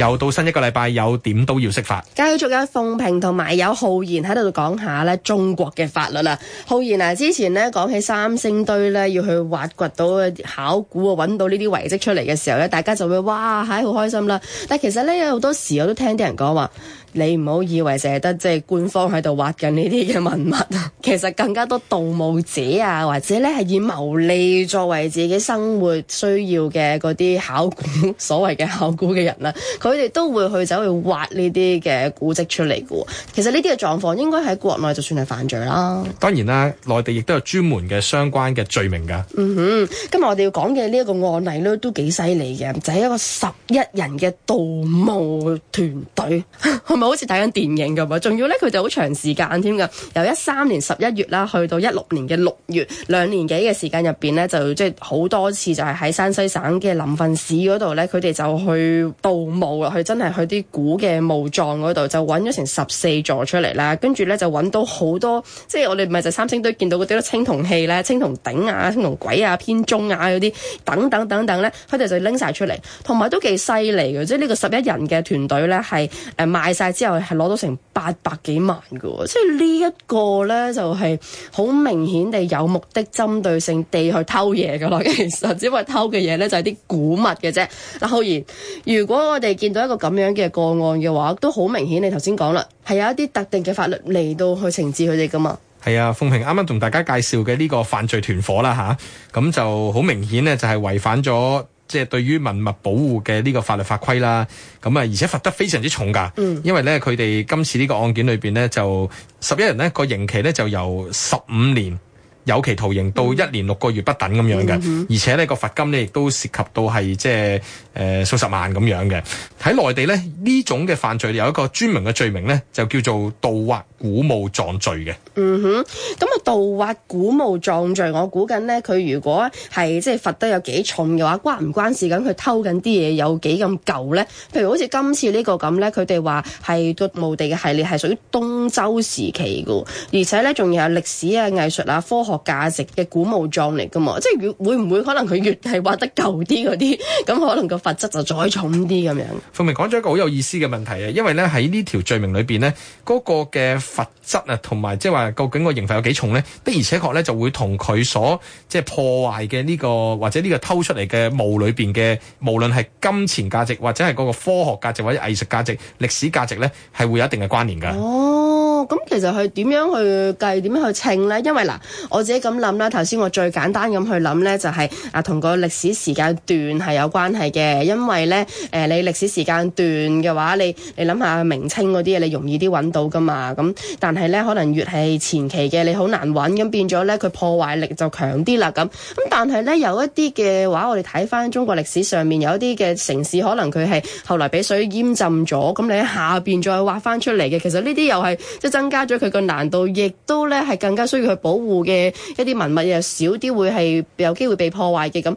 又到新一個禮拜，有點都要識法。繼續有奉平同埋有浩然喺度講下咧中國嘅法律啦。浩然嗱、啊，之前咧講起三星堆咧要去挖掘到考古啊，搵到呢啲遺跡出嚟嘅時候咧，大家就會哇，嗨、哎、好開心啦。但其實咧有好多時我都聽啲人講話，你唔好以為成日得即係官方喺度挖緊呢啲嘅文物啊，其實更加多盜墓者啊，或者咧係以牟利作為自己生活需要嘅嗰啲考古所謂嘅考古嘅人啦、啊。佢哋都會去走去挖呢啲嘅古跡出嚟嘅喎，其實呢啲嘅狀況應該喺國內就算係犯罪啦。當然啦，內地亦都有專門嘅相關嘅罪名㗎。嗯哼，今日我哋要講嘅呢一個案例咧都幾犀利嘅，就係、是、一個十一人嘅盜墓團隊。佢咪 好似睇緊電影咁啊？仲要咧，佢哋好長時間添㗎，由一三年十一月啦，去到一六年嘅六月，兩年幾嘅時間入邊咧，就即係好多次就係喺山西省嘅臨汾市嗰度咧，佢哋就去盜墓啦，真去真係去啲古嘅墓葬嗰度，就揾咗成十四座出嚟啦。跟住咧就揾到好多，即係我哋唔係就三星堆見到嗰啲咯，青銅器咧、青銅鼎啊、青銅簋啊、編鐘啊嗰啲等等等等咧，佢哋就拎晒出嚟，同埋都幾犀利嘅，即係呢個十一人嘅團隊咧係。誒，賣晒之後係攞到成八百幾萬噶，所以呢一個咧就係、是、好明顯地有目的針對性地去偷嘢噶啦。其實只係偷嘅嘢咧就係、是、啲古物嘅啫。嗱，浩然，如果我哋見到一個咁樣嘅個案嘅話，都好明顯。你頭先講啦，係有一啲特定嘅法律嚟到去懲治佢哋噶嘛。係啊，鳳平啱啱同大家介紹嘅呢個犯罪團伙啦吓，咁、啊、就好明顯咧，就係違反咗。即係對於文物保護嘅呢個法律法規啦，咁啊，而且罰得非常之重噶，嗯、因為咧佢哋今次呢個案件裏邊咧就十一人咧個刑期咧就由十五年有期徒刑到一年六個月不等咁樣嘅，嗯、而且咧個罰金咧亦都涉及到係即係誒數十萬咁樣嘅。喺內地咧呢種嘅犯罪有一個專門嘅罪名咧就叫做盜掘古墓葬罪嘅。嗯哼，咁啊，盜挖古墓葬罪，我估緊咧，佢如果係即係罰得有幾重嘅話，關唔關事？咁佢偷緊啲嘢有幾咁舊咧？譬如好似今次呢個咁咧，佢哋話係墳墓地嘅系列係屬於東周時期嘅，而且咧仲要有歷史啊、藝術啊、科學價值嘅古墓葬嚟噶嘛？即係越會唔會可能佢越係挖得舊啲嗰啲，咁可能個罰則就再重啲咁樣。鳳明講咗一個好有意思嘅問題啊，因為咧喺呢條罪名裏邊咧，嗰個嘅罰則啊，同埋即係話。啊！究竟個刑罰有幾重咧？的而且確咧就會同佢所即係破壞嘅呢個或者呢個偷出嚟嘅墓裏邊嘅，無論係金錢價值或者係嗰個科學價值或者藝術價值、歷史價值咧，係會有一定嘅關聯㗎。哦。咁、哦嗯、其實佢點樣去計點樣去稱咧？因為嗱、呃，我自己咁諗啦，頭先我最簡單咁去諗咧，就係啊同個歷史時間段係有關係嘅，因為咧誒、呃、你歷史時間段嘅話，你你諗下明清嗰啲嘢，你容易啲揾到噶嘛？咁、嗯、但係咧，可能越係前期嘅，你好難揾，咁變咗咧佢破壞力就強啲啦。咁咁但係咧有一啲嘅話，我哋睇翻中國歷史上面有一啲嘅城市，可能佢係後嚟俾水淹浸咗，咁、嗯、你喺下邊再挖翻出嚟嘅，其實呢啲又係即。增加咗佢個難度，亦都咧係更加需要去保護嘅一啲文物又少啲，會係有機會被破壞嘅咁。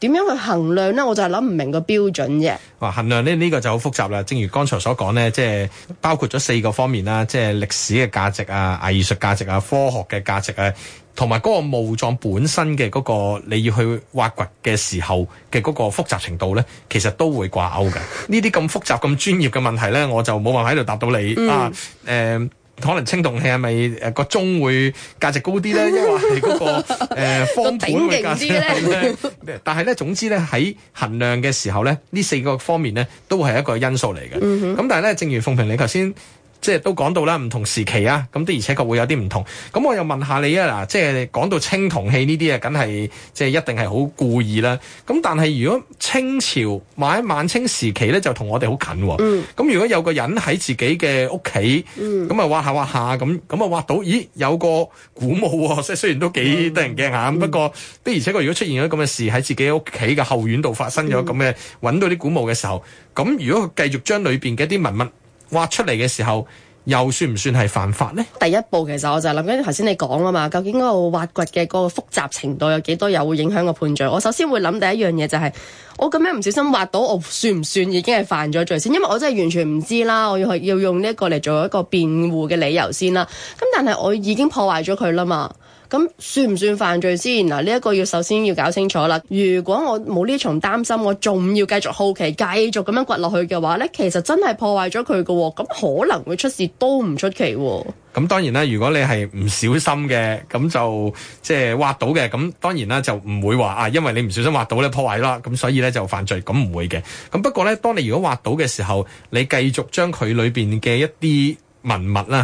點樣去衡量呢？我就係諗唔明個標準啫。哇，衡量呢呢個就好複雜啦。正如剛才所講咧，即係包括咗四個方面啦，即係歷史嘅價值啊、藝術價值啊、科學嘅價值啊，同埋嗰個墓葬本身嘅嗰個你要去挖掘嘅時候嘅嗰個複雜程度咧，其實都會掛鈎嘅。呢啲咁複雜、咁專業嘅問題咧，我就冇辦法喺度答到你、嗯、啊。誒、呃。可能青銅器係咪誒個鐘會價值高啲咧？抑或係嗰個、呃、 方盤嘅價值高啲咧。 但係咧，總之咧，喺衡量嘅時候咧，呢四個方面咧都係一個因素嚟嘅。咁、嗯、哼但係咧，正如鳳萍你頭先即係都講到啦，唔同時期啊，咁的而且確會有啲唔同。咁我又問下你啊，嗱，即係講到青銅器呢啲啊，梗係即係一定係好故意啦。咁但係如果清朝喺晚清時期咧，就同我哋好近喎。嗯。咁如果有個人喺自己嘅屋企，嗯。咁啊挖下挖下咁，咁啊挖到，咦有個古墓喎、啊！即係雖然都幾得人驚嚇，嗯、不過的而且確如果出現咗咁嘅事喺自己屋企嘅後院度發生咗咁嘅揾到啲古墓嘅時候，咁如果佢繼續將裏邊嘅一啲文物，挖出嚟嘅時候，又算唔算係犯法呢？第一步，其實我就係諗緊頭先你講啊嘛，究竟嗰個挖掘嘅嗰個複雜程度有幾多，有會影響個判罪。我首先會諗第一樣嘢就係、是，我咁樣唔小心挖到，我算唔算已經係犯咗罪先？因為我真係完全唔知啦，我要去要用呢一個嚟做一個辯護嘅理由先啦。咁但係我已經破壞咗佢啦嘛。咁算唔算犯罪先嗱？呢一個要首先要搞清楚啦。如果我冇呢層擔心，我仲要繼續好奇、繼續咁樣掘落去嘅話呢，其實真係破壞咗佢嘅，咁可能會出事都唔出奇。咁當然啦，如果你係唔小心嘅，咁就即係挖到嘅，咁當然啦，就唔會話啊，因為你唔小心挖到咧破壞啦，咁所以呢，就犯罪，咁唔會嘅。咁不過呢，當你如果挖到嘅時候，你繼續將佢裏邊嘅一啲。文物啦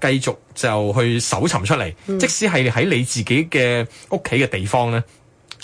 吓，繼續就去搜尋出嚟，嗯、即使係喺你自己嘅屋企嘅地方咧，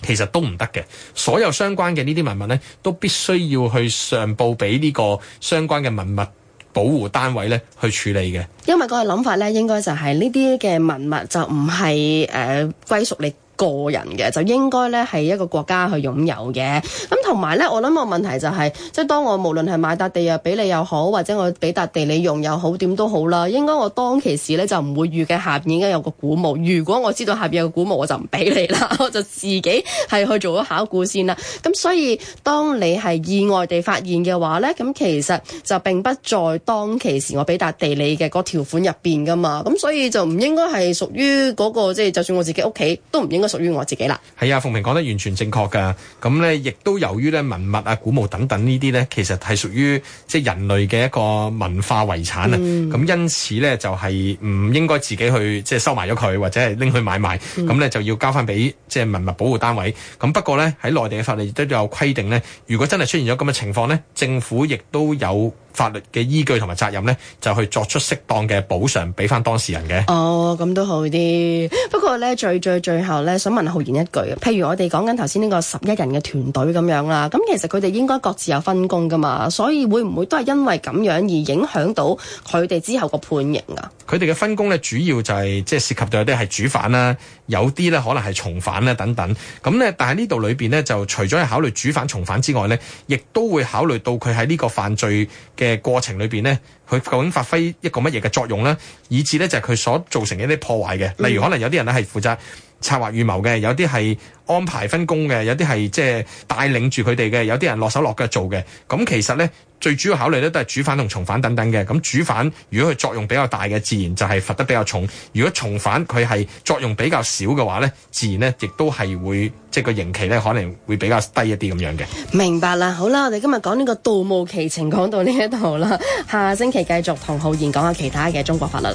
其實都唔得嘅。所有相關嘅呢啲文物咧，都必須要去上報俾呢個相關嘅文物保護單位咧去處理嘅。因為個諗法咧，應該就係呢啲嘅文物就唔係誒歸屬你個人嘅，就應該咧係一個國家去擁有嘅。咁、嗯同埋咧，我諗個問題就係、是，即係當我無論係買笪地啊，俾你又好，或者我俾笪地你用又好，點都好啦。應該我當其時咧就唔會預計下邊應該有個古墓。如果我知道下邊有個古墓，我就唔俾你啦，我就自己係去做咗考古先啦。咁所以當你係意外地發現嘅話咧，咁其實就並不在當其時我俾笪地你嘅嗰條款入邊噶嘛。咁所以就唔應該係屬於嗰個，即、就、係、是、就算我自己屋企都唔應該屬於我自己啦。係啊，鳳明講得完全正確噶。咁咧亦都有。於咧文物啊、古墓等等呢啲咧，其實係屬於即係人類嘅一個文化遺產啊。咁、嗯、因此咧，就係唔應該自己去即係收埋咗佢，或者係拎去買賣。咁咧、嗯、就要交翻俾即係文物保護單位。咁不過咧，喺內地嘅法律亦都有規定咧，如果真係出現咗咁嘅情況咧，政府亦都有法律嘅依據同埋責任咧，就去作出適當嘅補償，俾翻當事人嘅。哦，咁都好啲。不過咧，最最最後咧，想問浩然一句，譬如我哋講緊頭先呢個十一人嘅團隊咁樣啦，咁其實佢哋應該各自有分工噶嘛，所以會唔會都係因為咁樣而影響到佢哋之後個判刑啊？佢哋嘅分工咧，主要就係、是、即係涉及到有啲係主犯啦，有啲咧可能係從犯啦等等。咁咧，但係呢度裏邊咧，就除咗係考慮主犯、從犯之外咧，亦都會考慮到佢喺呢個犯罪嘅過程裏邊咧，佢究竟發揮一個乜嘢嘅作用咧，以至咧就係佢所造成嘅一啲破壞嘅。嗯、例如，可能有啲人咧係負責，策劃預謀嘅，有啲係安排分工嘅，有啲係即係帶領住佢哋嘅，有啲人落手落腳做嘅。咁其實呢，最主要考慮呢都係主犯同從犯等等嘅。咁主犯如果佢作用比較大嘅，自然就係罰得比較重；如果從犯佢係作用比較少嘅話呢，自然呢亦都係會即係個刑期呢可能會比較低一啲咁樣嘅。明白啦，好啦，我哋今日講呢個盜墓奇情講到呢一度啦，下星期繼續同浩然講下其他嘅中國法律。